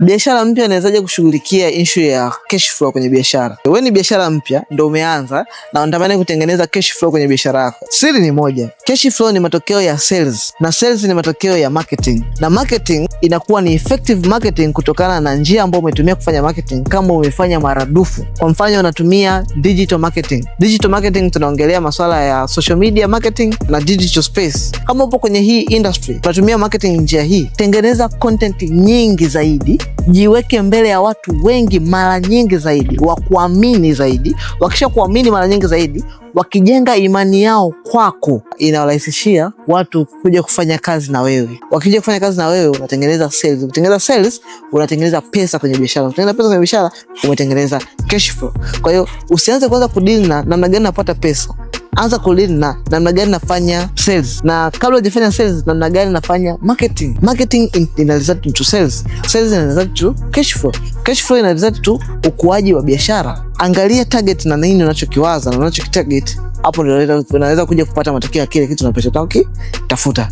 Biashara mpya inawezaje kushughulikia issue ya cash flow kwenye biashara? Wewe ni biashara mpya ndio umeanza na unatamani kutengeneza cash flow kwenye biashara yako. Siri ni moja. Cash flow ni matokeo ya sales na sales ni matokeo ya marketing. Na marketing inakuwa ni effective marketing kutokana na njia ambayo umetumia kufanya marketing kama umefanya maradufu. Kwa mfano unatumia digital marketing. Digital marketing tunaongelea masuala ya social media marketing na digital space. Kama upo kwenye hii industry, unatumia marketing njia hii, tengeneza content nyingi zaidi jiweke mbele ya watu wengi mara nyingi zaidi, wakuamini zaidi. Wakisha kuamini mara nyingi zaidi, wakijenga imani yao kwako, inawarahisishia watu kuja kufanya kazi na wewe. Wakija kufanya kazi na wewe, unatengeneza sales. Ukitengeneza sales, unatengeneza pesa kwenye biashara. Ukitengeneza pesa kwenye biashara, umetengeneza cash flow. Kwa hiyo usianze kwanza kudili na namna gani napata pesa anza kulini na namna gani nafanya sales, na kabla hujafanya sales, namna gani nafanya marketing. Marketing ina result to sales, sales ina result to cash flow, cash flow ina result to ukuaji wa biashara. Angalia target na nini unachokiwaza na unachokitarget, hapo ndio unaweza kuja kupata matokeo ya kile kitu unapotaka kutafuta.